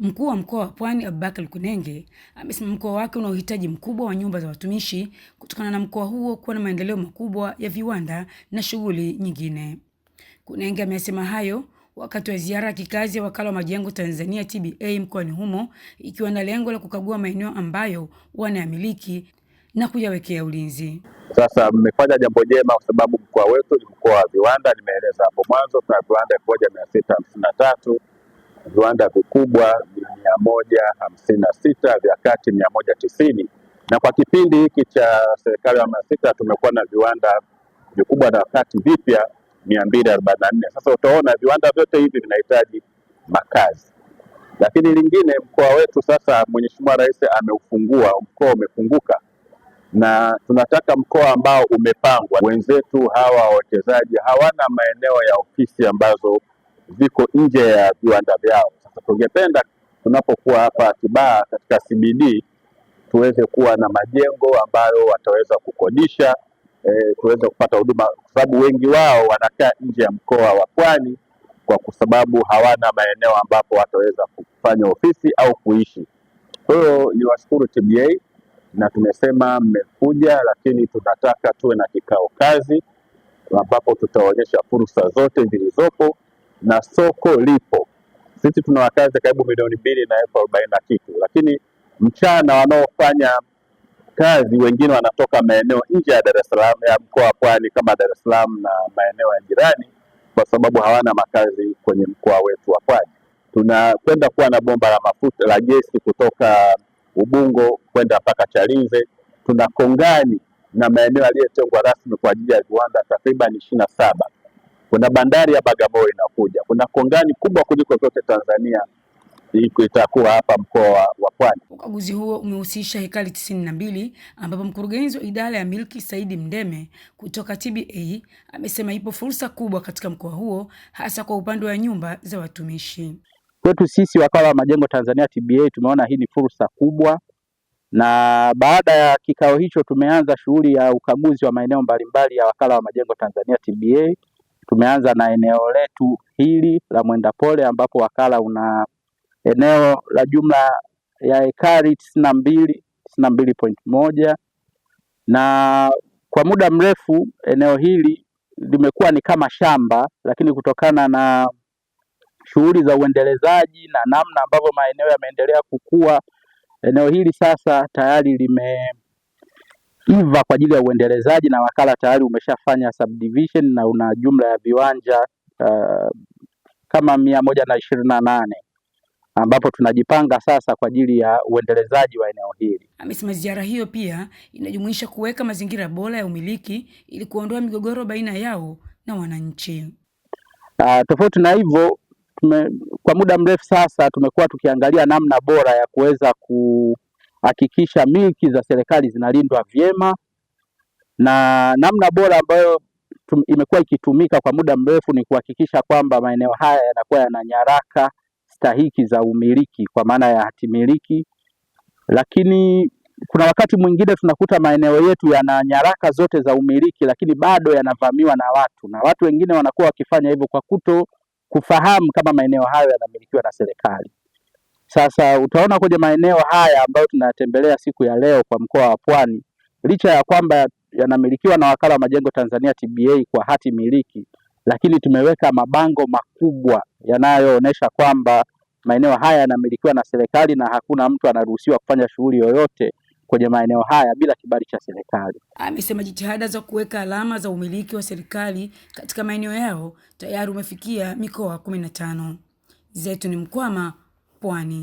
Mkuu wa Mkoa wa Pwani Abubakar Kunenge amesema mkoa wake una uhitaji mkubwa wa nyumba za watumishi kutokana na mkoa huo kuwa na maendeleo makubwa ya viwanda na shughuli nyingine. Kunenge amesema hayo wakati wa ziara ya kikazi ya Wakala wa Majengo Tanzania TBA mkoani humo ikiwa na lengo la kukagua maeneo ambayo wanayamiliki na kuyawekea ulinzi. Sasa mmefanya jambo jema kwa sababu mkoa wetu ni mkoa wa viwanda, nimeeleza hapo mwanzo, tuna viwanda elfu moja mia sita hamsini na tatu viwanda vikubwa mia moja hamsini na sita vya kati mia moja tisini na kwa kipindi hiki cha serikali ya awamu ya sita tumekuwa na viwanda vikubwa na kati vipya mia mbili arobaini na nne. Sasa utaona viwanda vyote hivi vinahitaji makazi. Lakini lingine, mkoa wetu sasa, Mheshimiwa Rais ameufungua mkoa, umefunguka na tunataka mkoa ambao umepangwa. Wenzetu hawa wawekezaji hawana maeneo ya ofisi ambazo viko nje ya viwanda vyao. Sasa tungependa tunapokuwa hapa Kibaha katika CBD tuweze kuwa na majengo ambayo wataweza kukodisha e, tuweze kupata huduma, kwa sababu wengi wao wanakaa nje ya mkoa wa Pwani kwa sababu hawana maeneo ambapo wataweza kufanya ofisi au kuishi. Kwa hiyo ni washukuru TBA na tumesema mmekuja, lakini tunataka tuwe na kikao kazi ambapo tutaonyesha fursa zote zilizopo na soko lipo. Sisi tuna wakazi karibu milioni mbili na elfu arobaini na kitu, lakini mchana wanaofanya kazi wengine wanatoka maeneo nje ya Dar es Salaam ya mkoa wa Pwani kama Dar es Salaam na maeneo ya jirani, kwa sababu hawana makazi kwenye mkoa wetu wa Pwani. Tunakwenda kuwa na bomba la mafuta la gesi kutoka Ubungo kwenda mpaka Chalinze. Tuna kongani na maeneo yaliyotengwa rasmi kwa ajili ya viwanda takriban ishirini na saba kuna bandari ya Bagamoyo inakuja, kuna kongani kubwa kuliko zote Tanzania itakuwa hapa mkoa wa Pwani. Ukaguzi huo umehusisha hekari tisini na mbili ambapo mkurugenzi wa idara ya milki Saidi mdeme kutoka TBA amesema ipo fursa kubwa katika mkoa huo hasa kwa upande wa nyumba za watumishi. Kwetu sisi wakala wa majengo Tanzania TBA tumeona hii ni fursa kubwa, na baada ya kikao hicho tumeanza shughuli ya ukaguzi wa maeneo mbalimbali ya wakala wa majengo Tanzania TBA Tumeanza na eneo letu hili la mwenda pole ambapo wakala una eneo la jumla ya ekari tisini na mbili tisini na mbili point moja na kwa muda mrefu eneo hili limekuwa ni kama shamba, lakini kutokana na shughuli za uendelezaji na namna ambavyo maeneo yameendelea kukua, eneo hili sasa tayari lime iva kwa ajili ya uendelezaji na wakala tayari umeshafanya subdivision na una jumla ya viwanja uh, kama mia moja na ishirini na nane ambapo tunajipanga sasa kwa ajili ya uendelezaji wa eneo hili. Amesema ziara hiyo pia inajumuisha kuweka mazingira bora ya umiliki ili kuondoa migogoro baina yao na wananchi. Uh, tofauti na hivyo tume, kwa muda mrefu sasa tumekuwa tukiangalia namna bora ya kuweza ku hakikisha milki za serikali zinalindwa vyema, na namna bora ambayo imekuwa ikitumika kwa muda mrefu ni kuhakikisha kwamba maeneo haya yanakuwa yana nyaraka stahiki za umiliki kwa maana ya hatimiliki, lakini kuna wakati mwingine tunakuta maeneo yetu yana nyaraka zote za umiliki, lakini bado yanavamiwa na watu, na watu wengine wanakuwa wakifanya hivyo kwa kuto kufahamu kama maeneo hayo yanamilikiwa na serikali. Sasa utaona kwenye maeneo haya ambayo tunayatembelea siku ya leo kwa mkoa wa Pwani, licha ya kwamba yanamilikiwa na Wakala wa Majengo Tanzania TBA kwa hati miliki, lakini tumeweka mabango makubwa yanayoonyesha kwamba maeneo haya yanamilikiwa na serikali na hakuna mtu anaruhusiwa kufanya shughuli yoyote kwenye maeneo haya bila kibali cha serikali. Amesema jitihada za kuweka alama za umiliki wa serikali katika maeneo yao tayari umefikia mikoa kumi na tano. Zaituni Mkwama, Pwani.